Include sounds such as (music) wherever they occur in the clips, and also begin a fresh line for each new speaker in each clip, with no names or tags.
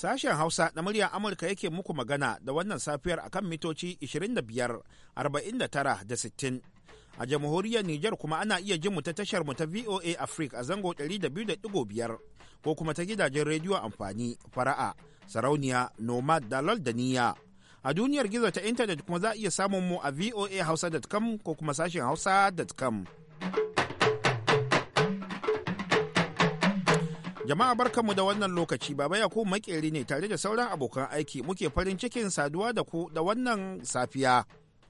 Sashen Hausa na murya Amurka yake muku magana da wannan safiyar akan mitoci 25, arba'in da 60. A jamhuriyar Nijar kuma ana iya jin mu ta tashar mu ta VOA Africa a zango 200.5 ko kuma ta gidajen rediyo amfani fara'a, sarauniya, nomad da da niyya. A duniyar gizo ta intanet kuma za a iya samun mu a voahausa.com ko kuma sashen hausa.com. Jama'a barka mu da wannan lokaci Baba Yakubu makeri ne tare da sauran abokan aiki muke farin cikin saduwa da ku da wannan safiya.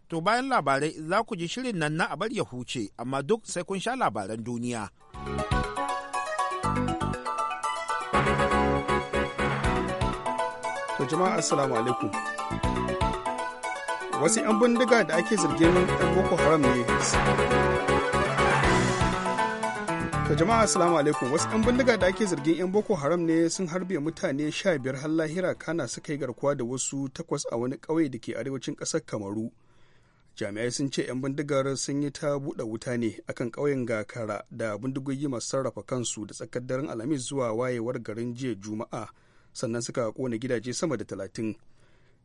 To bayan labarai za ku ji shirin nan na abar ya huce amma duk sai kun sha labaran duniya. To jama'a assalamu alaikum.
Wasu 'yan bindiga da ake zargin Boko Haram ne To jama'a assalamu alaikum wasu 'yan bindiga da ake zargin 'yan Boko Haram ne sun harbe mutane sha biyar har lahira kana suka yi garkuwa da wasu takwas a wani ƙauye da ke arewacin ƙasar Kamaru. Jami'ai sun ce 'yan bindigar sun yi ta buɗe wuta ne akan ƙauyen Gakara da bindigogi masu sarrafa kansu da tsakar daren Alhamis zuwa wayewar garin jiya Juma'a sannan suka kone gidaje sama da talatin.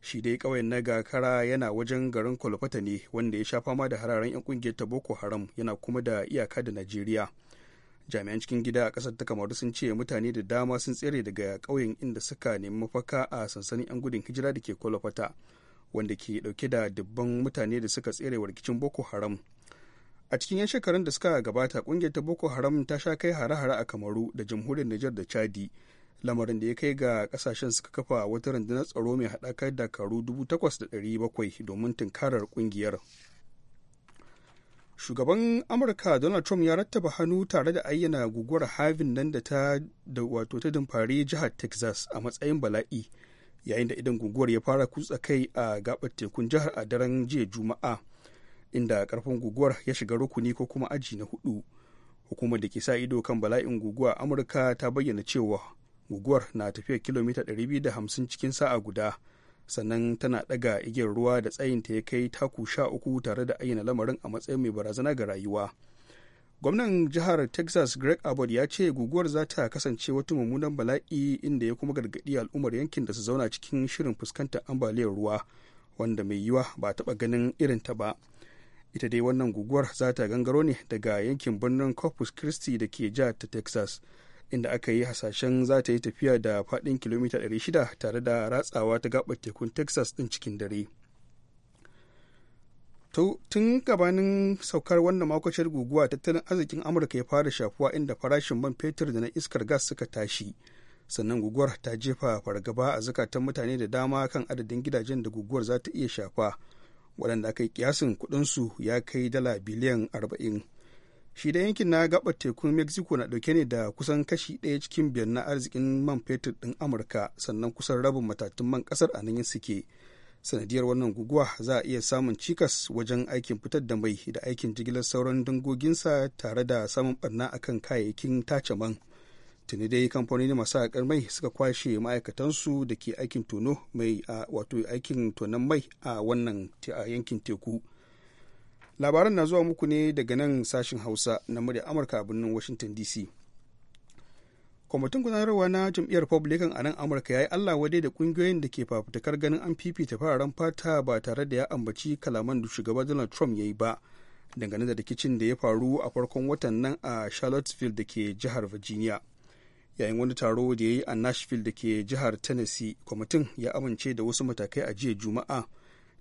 Shi dai ƙauyen na Gakara yana wajen garin Kwalfata ne wanda ya sha fama da hararen 'yan ƙungiyar ta Boko Haram yana kuma da iyaka da Najeriya. jami'an cikin gida a ƙasar ta kamaru sun ce mutane da dama sun tsere daga ƙauyen inda suka nemi mafaka a sansanin 'yan gudun hijira da ke kwalafata wanda ke dauke da dubban mutane da suka tsere wa rikicin boko haram a cikin 'yan shekarun da suka gabata ƙungiyar ta boko haram ta sha kai hare-hare a kamaru da jamhuriyar nijar da chadi lamarin da ya kai ga kasashen suka kafa wata rundunar tsaro mai haɗakar dakaru 8,700 domin tunkarar ƙungiyar. shugaban amurka donald trump ya rattaba hannu tare da ayyana guguwar harvin nan da ta da wato ta dimfari jihar texas a matsayin bala'i yayin da idan guguwar ya fara kutsa kai a gabar tekun jihar a daren jiya juma'a inda karfin guguwar ya shiga rukuni ko kuma aji na hudu hukumar da ke sa ido kan bala'in guguwa amurka ta bayyana cewa guguwar na tafiya kilomita 250 cikin sa'a guda sannan tana daga igiyar ruwa da tsayinta ya kai taku sha uku tare da ayyana lamarin a matsayin mai barazana ga rayuwa gwamnan jihar texas greg abbott ya ce guguwar za ta kasance wata mummunan bala'i inda ya kuma gargaɗi al'ummar yankin da su zauna cikin shirin fuskantar ambaliyar ruwa wanda mai yiwa ba taɓa ganin irin ta ba ita dai wannan guguwar za ta gangaro ne daga yankin birnin corpus christi da ke jihar ta texas inda aka yi hasashen za ta yi tafiya da faɗin kilomita 600 tare da ratsawa ta gabar tekun texas ɗin cikin dare tun gabanin saukar wannan makwacin guguwa tattalin arzikin amurka ya fara shafuwa inda farashin man fetur da na iskar gas suka tashi sannan guguwar ta jefa fargaba a zukatan mutane da dama kan adadin gidajen da guguwar za ta iya shafa waɗanda aka yi kiyasin kuɗinsu ya kai dala biliyan arba'in shi da yankin na gabar tekun mexico na dauke ne da kusan kashi ɗaya cikin biyar na arzikin man fetur ɗin amurka sannan kusan rabin matatun man ƙasar a nan suke sanadiyar wannan guguwa za a iya samun cikas wajen aikin fitar da mai da aikin jigilar sauran dangoginsa tare da samun barna akan kayayyakin tace man tuni dai kamfanoni masu haƙar mai suka kwashe ma'aikatansu da ke aikin tono mai a wato aikin tonon mai a wannan yankin teku labaran na zuwa muku ne daga nan sashen hausa na murya amurka a birnin washington dc kwamitin gudanarwa na jam'iyyar republican a nan amurka ya yi allah wadai da kungiyoyin da ke fafutukar ganin an fifita fararen fata ba tare da ya ambaci kalaman da shugaba donald trump ya yi ba dangane da rikicin da ya faru a farkon watan nan a charlottesville da ke jihar virginia yayin wani taro da ya yi a nashville da ke jihar tennessee kwamitin ya amince da wasu matakai a jiya juma'a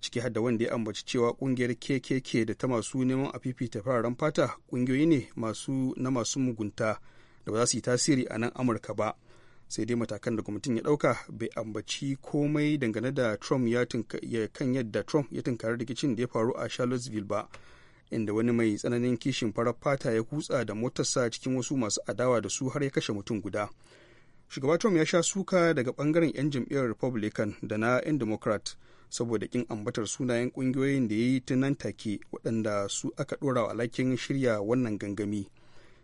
ciki har da wanda ya ambaci cewa kungiyar kkk da ta masu neman a fifita fararen fata kungiyoyi ne masu na masu mugunta da ba za su yi tasiri a nan amurka ba sai dai matakan da kwamitin ya dauka bai ambaci komai dangane da trump ya kan yadda trump ya tunkari rikicin da ya faru a charlottesville ba inda wani mai tsananin kishin farar fata ya kutsa da motarsa cikin wasu masu adawa da su har ya kashe mutum guda shugaba trump ya sha suka daga bangaren 'yan jam'iyyar republican da na 'yan democrat saboda kin ambatar sunayen kungiyoyin da ya yi tunan take waɗanda su aka ɗora wa alhakin shirya wannan gangami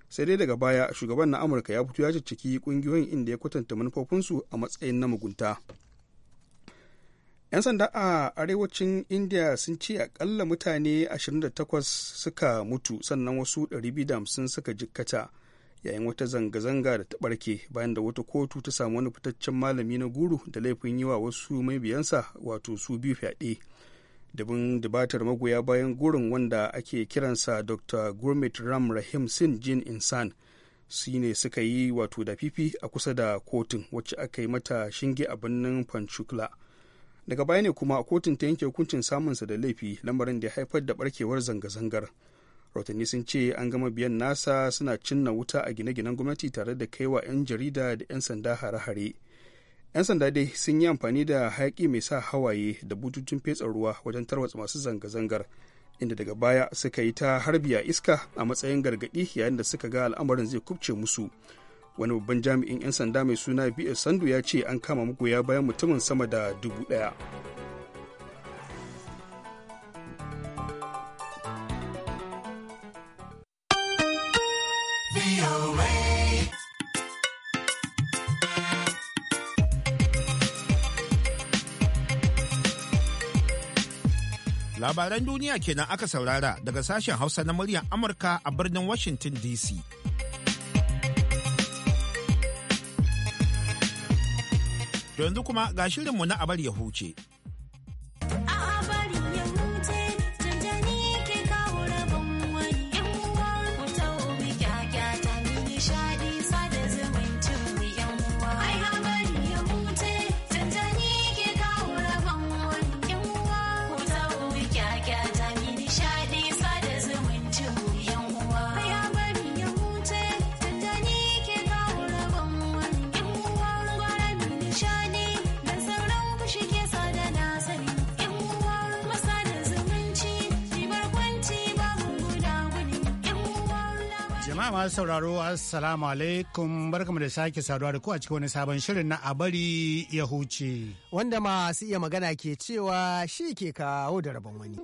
sai dai daga baya shugaban na amurka ya fito ya cicciki kungiyoyin inda ya kwatanta manufofinsu a matsayin na mugunta 'yan sanda a arewacin india sun ce akalla mutane 28 suka mutu sannan wasu 250 suka jikkata yayin wata zanga-zanga da ta ɓarke bayan da wata kotu ta samu wani fitaccen malami na guru da laifin yiwa wa wasu mabiyansa wato su biyu fyaɗe dabin dubatar magoya bayan gurin wanda ake kiransa dr gurmit ram rahim sin jin insan su ne suka yi wato da fifi a kusa da kotun wacce aka yi mata shinge a birnin panchukla daga baya ne kuma kotun ta yanke hukuncin samunsa da laifi lamarin da ya haifar da barkewar zanga-zangar rahotanni sun ce an gama biyan nasa suna cinna wuta a gine-ginen gwamnati tare da kaiwa 'yan jarida da 'yan sanda hare-hare 'yan sanda dai sun yi amfani da hayaki mai sa hawaye da bututun fetsa ruwa wajen tarwatsa masu zanga-zangar inda daga baya suka yi ta harbi a iska a matsayin gargaɗi yayin da suka ga al'amarin zai kubce musu wani babban jami'in 'yan sanda mai suna bs sandu ya ce an kama magoya bayan mutumin sama da dubu ɗaya.
labaran duniya kenan aka saurara daga sashen hausa na muryar amurka a birnin washington dc yanzu kuma ga shirinmu na abar ya huce
jama'a sauraro assalamu alaikum barkamu da sake saduwa da ku a cikin wani sabon shirin na abari ya huce wanda masu iya magana
ke cewa shi ke kawo da rabon wani.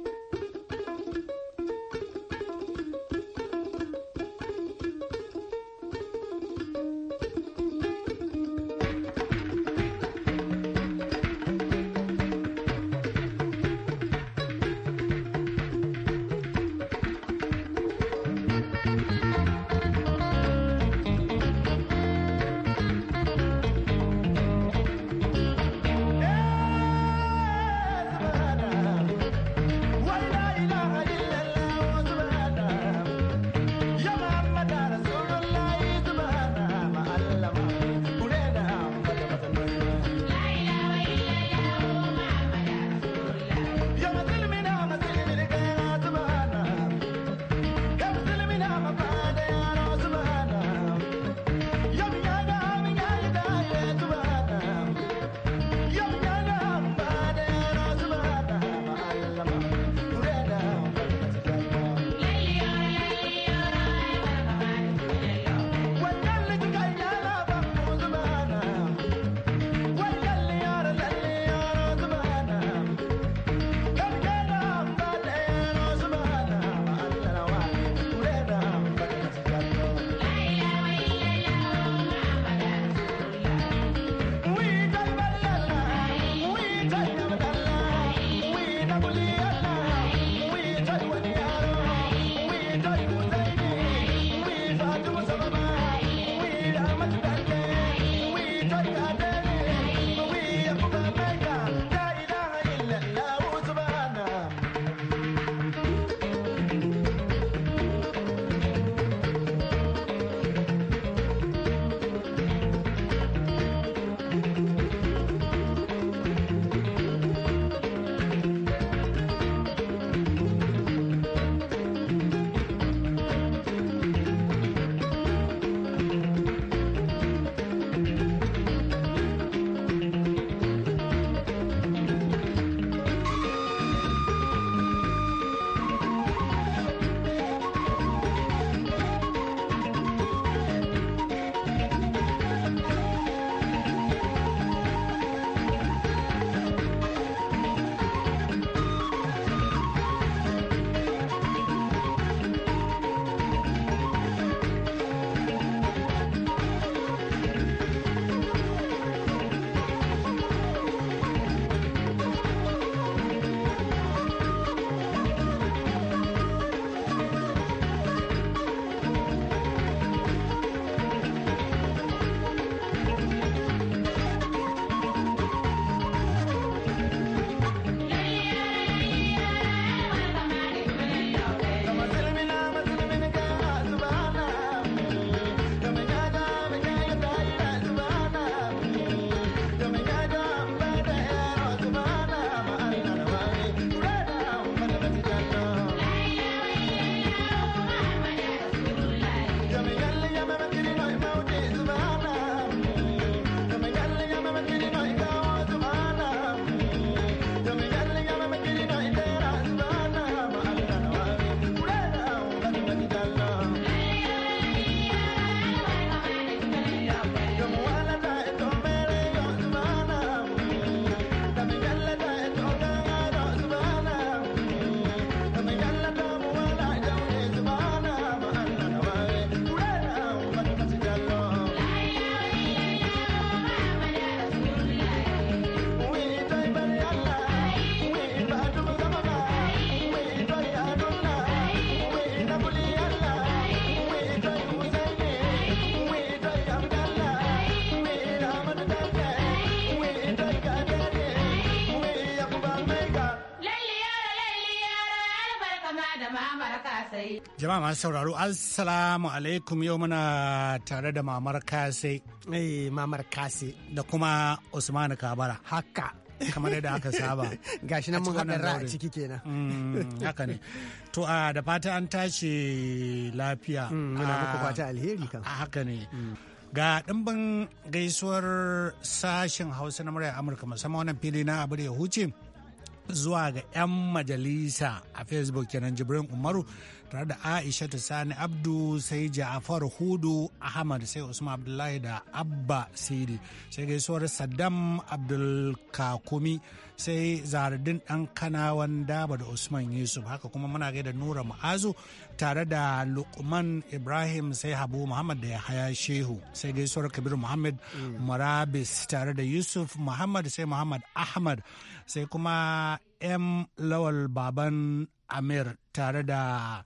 Jama'a masu sauraro, Assalamu alaikum yau muna tare da Mamar Kase. Eh, Mamar Kase. Da kuma Usmanu Kabara. Haka. kamar yadda aka saba (laughs) gashi nan mun haɗa a ciki
kenan mm, haka ne
to a da fata an tashi lafiya mm, muna muku fata alheri kan haka ne mm. ga ɗimbin gaisuwar sashen hausa na murya amurka musamman wannan fili na abu ya huce zuwa ga 'yan majalisa a facebook kenan jibrin umaru tare da aisha ta sani abdu sai ja'afar hudu ahmad sai usman abdullahi da abba sidi sai gaisuwar saddam abdulkakumi sai zaradin dan kanawan daba da usman yusuf haka kuma muna gaida nura ma'azu tare da lukman ibrahim sai habu muhammad da yahaya shehu sai gaisuwar kabir muhammad marabis tare da yusuf muhammad sai muhammad ahmad sai kuma m lawal baban amir tare da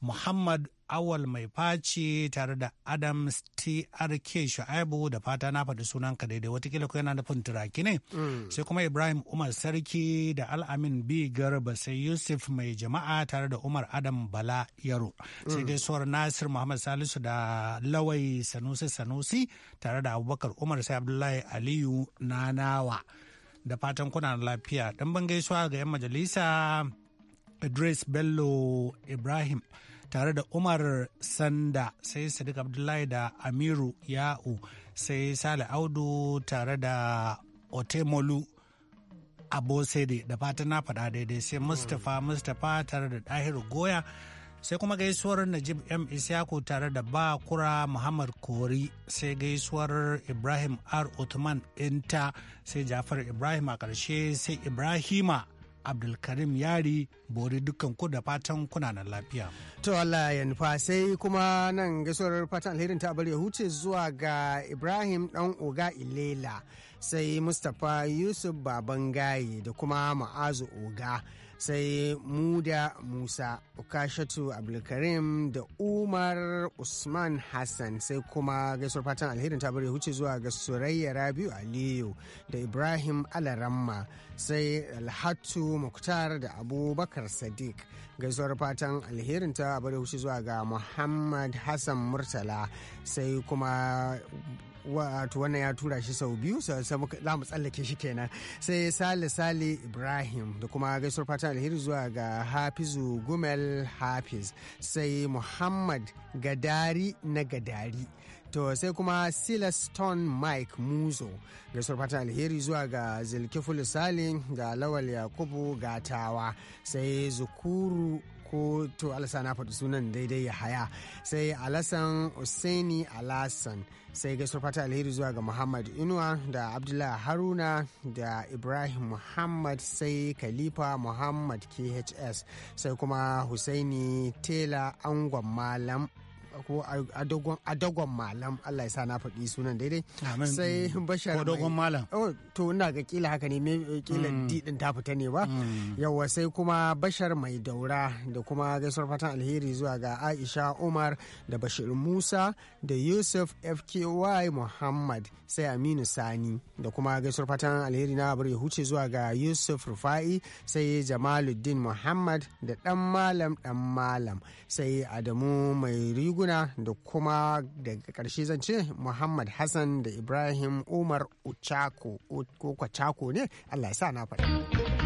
muhammad awal mai faci tare da adams trk shu'aibu da fata na faɗi sunan ka daidai watakila ko yana nufin turaki ne mm. sai kuma ibrahim umar sarki da al'amin b garba sai yusuf mai jama'a tare da umar adam bala yaro sai mm. dai suwar nasir muhammad salisu da lawai sanusi sanusi tare da abubakar umar sai abdullahi aliyu nanawa da fatan kuna lafiya dan ban gaisuwa ga 'yan majalisa Idris Bello Ibrahim tare da Umar Sanda sai Sadiq Abdullahi da Amiru Ya'u sai Sale Audu tare da Otemolu Abosede da fatan na faɗa daidai sai Mustapha Mustapha tare da Dahiru Goya sai kuma gaisuwar Najib M Isyaku tare da Bakura Muhammad Kori sai gaisuwar Ibrahim R. Uthman Inta sai Jafar Ibrahim a ƙarshe sai Ibrahima
abdulkarim yari bori dukkan da fatan kuna nan lafiya to allah ya nufa sai kuma nan gaisuwar fatan alherin ta bari ya huce zuwa ga ibrahim dan oga ilela sai mustapha yusuf babangaye da kuma ma'azu oga sai muda musa ukashatu abdulkarim da umar usman hassan sai kuma gaisuwar fatan alherin ta bari huce zuwa ga surayya rabiu aliyu da ibrahim alaramma sai alhatu muktar da abubakar sadiq gaisuwar fatan alherin ta bari huce zuwa ga muhammad hassan murtala sai kuma wato wannan ya tura shi sau biyu za mu tsallake shi kenan sai sale sale ibrahim da kuma gaisuwar fatan alheri zuwa ga hafizu gumel hafiz sai muhammad gadari na gadari to sai kuma silaston mike muzo gaisuwar fatan alheri zuwa ga zilkifulu salim ga lawal yakubu gatawa sai zukuru ko to alasa na faɗi sunan daidai ya haya sai alasan Hussaini alasan sai gaisuwar fata alheri zuwa ga muhammad inuwa da Abdullahi haruna da ibrahim muhammad sai khalifa muhammad khs sai kuma husaini tela angon malam ko a dogon malam Allah ya sa na faɗi sunan daidai sai bashar dogon malam oh, to ina ga kila haka ne kila mm. didin ta fita ne ba mm. yawa sai kuma bashar mai daura da kuma gaisuwar fatan alheri zuwa ga Aisha Umar da Bashir Musa da Yusuf FKY Muhammad sai Aminu Sani da kuma gaisuwar fatan alheri na bari huce zuwa ga Yusuf Rufa'i sai Jamaluddin Muhammad da dan malam dan malam sai Adamu mai rigo riguna da kuma daga karshe zan ce muhammad hassan da ibrahim umar uchako ko kwachako ne allah ya sa na faɗi.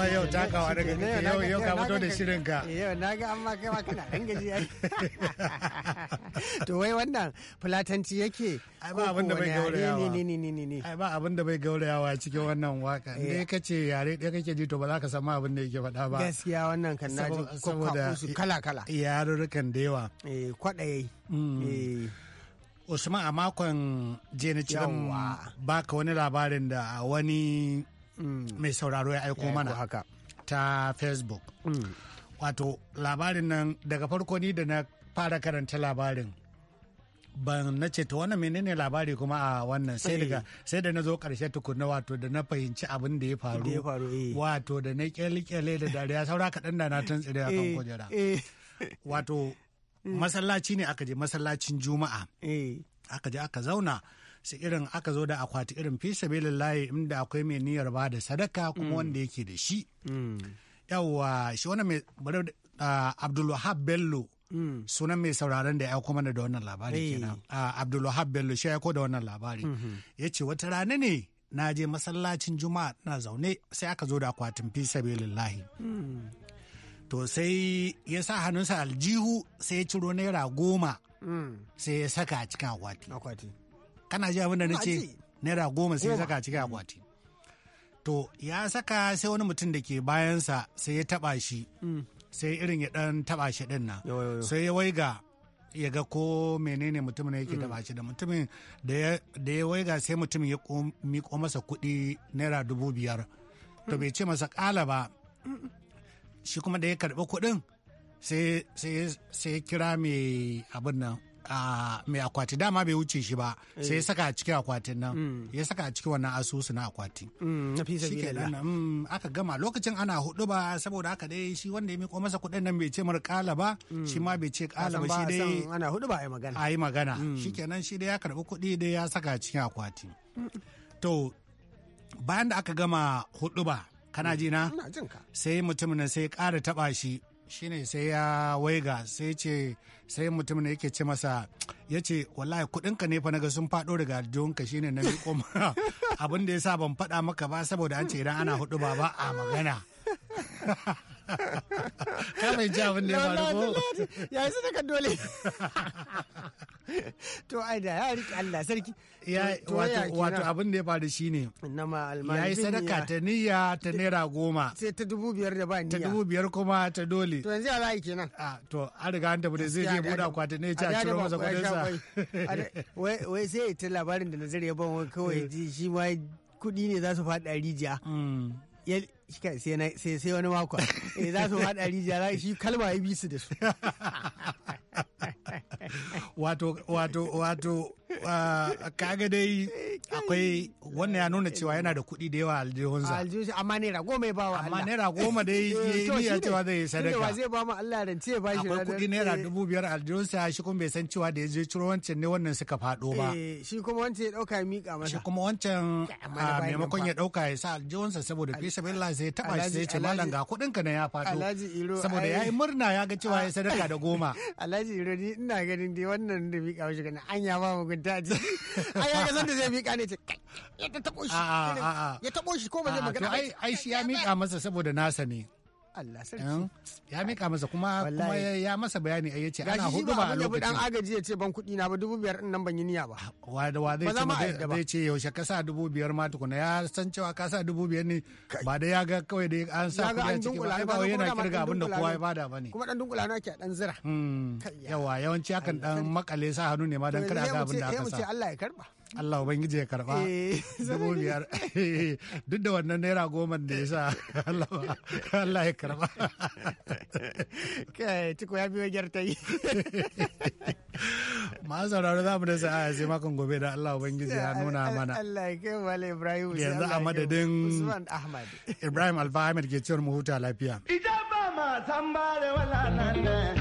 dama yau ta kawo daga ne yau yau
ka fito da shirin ka yau na ga amma kai ma kana dan gaji ai (laughs) to wai wannan fulatanci yake ai ba abin da bai gaurayawa ne ne ne ne ai ba abin da bai gaurayawa
cikin wannan waka eh. ne kace yare da kake ji to ba za ka samu abin da yake faɗa ba gaskiya wannan kan na ji saboda kala kala yarurukan da yawa eh kwadaye mm. eh Usman a makon jenicin na ciran baka wani labarin da wani Mm. mai sauraro ya aiko mana haka ta facebook mm. wato labarin nan daga farko ni da na fara karanta labarin ban na ce ta wannan menene labari kuma a wannan sai daga eh. sai da na zo karshe tukunna wato da na fahimci abin da ya faru eh. wato da na kyale-kyale da dariya saura kaɗan da na tantsire a kan eh, kujera wato mm. masallaci ne aka je masallacin juma'a aka je aka zauna su irin aka zo da akwati irin fi sabilillahi inda akwai mai niyyar ba da sadaka kuma mm. wanda yake da shi mm. yawwa shi wani mai abdulwahab bello mm. sunan mai sauraron da ya kuma mana da wannan labari kenan abdulwahab bello shi ya ko da wannan labari mm-hmm. ya ce wata rana ne na je masallacin juma'a na zaune sai aka zo da akwatin fi layi. to sai ya sa hannunsa aljihu sai ya ciro naira goma sai ya saka a cikin akwati kana ji abin da na ce naira goma sai saka cikin akwati to ya saka sai wani mutum da ke bayansa sai ya taba shi mm. sai irin ya dan taba shi din nan sai ya waiga ya ga ko menene mutumin yake mm. taba shi da mutumin da ya waiga sai mutumin ya miko masa kuɗi naira dubu biyar to mm. bai ce masa kala ba shi kuma da ya karɓi kuɗin sai ya kira mai abin nan mai akwati dama bai wuce shi ba eh. sai ya saka a cikin akwatin nan mm. ya saka a cikin wannan asusu na akwati mm, mm, aka gama lokacin ana hudu ba saboda haka dai shi wanda ya miko masa kuɗin nan bai ce mar kala ba shi ma bai ce kala ba shi dai
ana hudu ba a yi magana a yi magana
nan shi dai ya karɓi kuɗi dai ya saka a cikin akwati to bayan da aka gama hudu ba kana ji na sai mutum na sai ƙara taba shi shine sai ya waiga sai ce sai mutum ne yake ce masa ya ce wallahi kudinka ne fa naga sun faɗo daga aljihunka ne na miƙo mana (laughs) abin da ya sa ban faɗa maka ba saboda an ce idan ana hudu ba ba a magana (laughs) ka mai ji abin da ya faru ko
ya yi sadaka dole (laughs) (laughs) to ai da ya riƙe Allah sarki ya wato wato abin
da ya faru shine
na ma ya yi sadaka ta
niyya ta naira goma sai ta dubu biyar da ba niyya ta dubu biyar kuma ta dole to yanzu
ya za kenan a
to an riga an tafi da zai je buɗa kwata ne ci a ciro masa kuɗin sa
(laughs) wai sai ta labarin da nazari ya ban kawai eh. shi ma kuɗi ne za su faɗa rijiya mm. sai sai wani mako eh za su haɗa rijiya shi kalma ya bi su da su wato
wato wato ah, kaga dai akwai wannan ya nuna cewa yana da kuɗi da yawa aljihunsa
aljihun amma ne goma ya bawa amma ne naira goma dai eh, ya cewa zai sadaka ne tunda zai ba mu Allah rance ba shi akwai kuɗi naira dubu
biyar sa shi kuma bai san cewa da yaje ciro wancan ne wannan suka fado ba
eh, shi kuma wancan ya dauka ya miƙa masa shi kuma wancan ah, maimakon ya dauka ya sa
sa saboda fi sabilillah sai ya taba shi sai ce malam ga kudin ka na ya fato
saboda ya yi murna ya ga cewa ya sadaka da goma (laughs) alhaji iro ni ina ganin dai wannan da bi kawo shi ganin an (laughs) ya ba mu gunta ji ai ga san da zai miƙa ne ce ya taɓo shi ya tabo shi ko ba zai magana ba. ai shi ya miƙa masa saboda nasa ne Allah sarki eh?
ya mika masa kuma ya masa bayani a eh, yace ana hudu ba a lokacin
agaji ce ban kudi na ba
dubu biyar din nan ban yi niyya ba wa da wa zai ce yaushe ka sa dubu biyar ma tukuna ya san cewa ka dubu biyar ne ba da ya ga kawai da an sa kudi a ciki ba ba yana kirga abin kowa ya
bada bane kuma dan dunkula na ke dan zira
hmm. yawa yawanci akan sa hannu ne ma dan kada ga abin aka sa ya karba Allah Ubangiji ya karba eh, dubu biyar eh, duk da wannan naira goma da ya sa Allah ya karba.
Kai, ciko ya biyo ta yi.
Masu sauraro za mu da sa'a sai makon gobe da Allah Ubangiji ya nuna mana.
Allah ya kai wale Ibrahim. Yanzu a madadin Usman
Ibrahim Alfa Ahmed ke cewar mu huta lafiya.
Ita ba ma
san ba da wala nan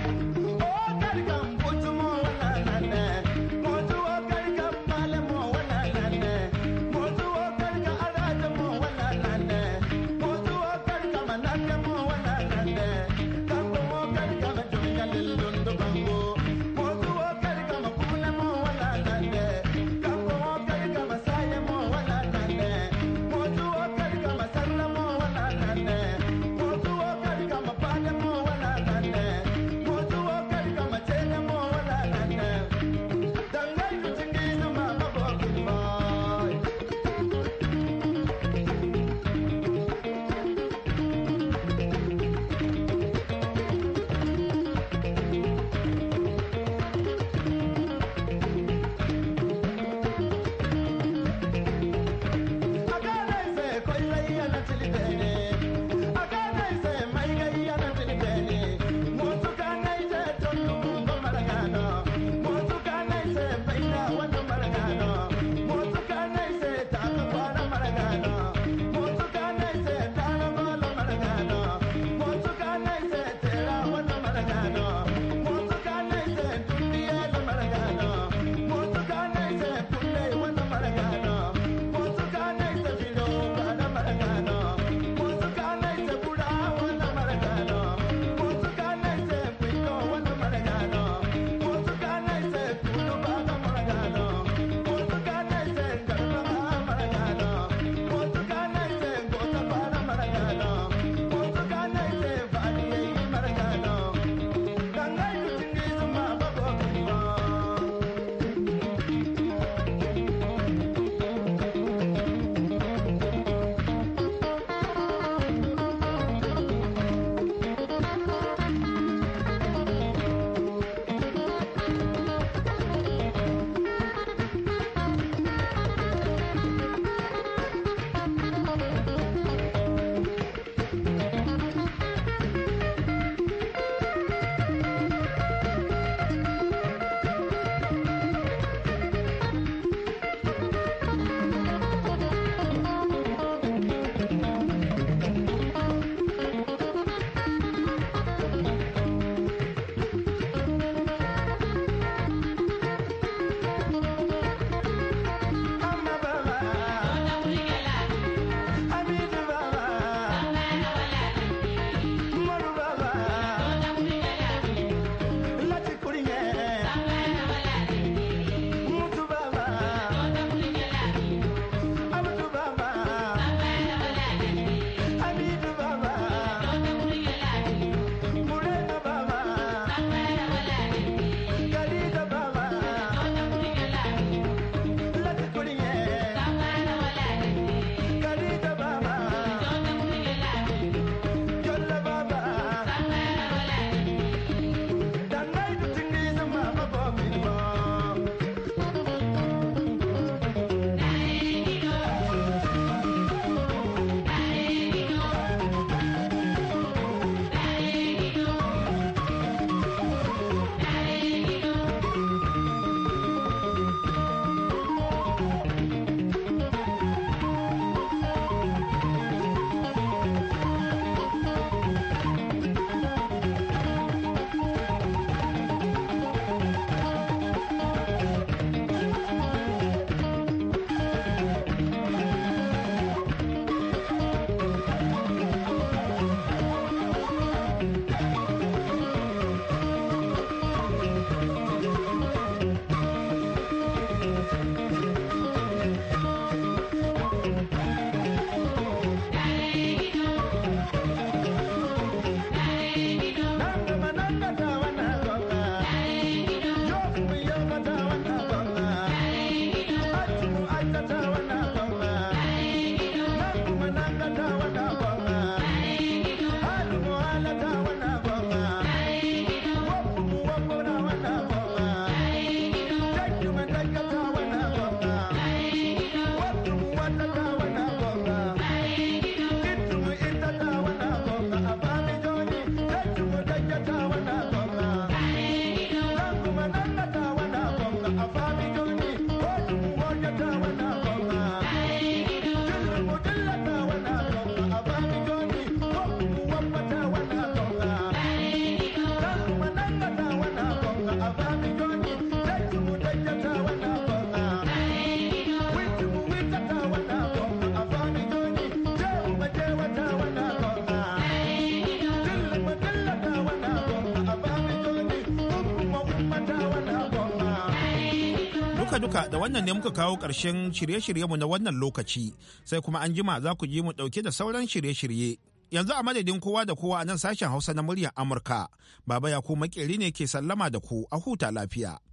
duka da wannan ne muka kawo ƙarshen shirye-shiryenmu na wannan lokaci sai kuma an jima za ku ji mu ɗauke da sauran shirye-shirye. Yanzu a madadin kowa da kowa a nan sashen Hausa na muryar Amurka, Baba Yakubu Makeri ne ke sallama da ku a huta lafiya.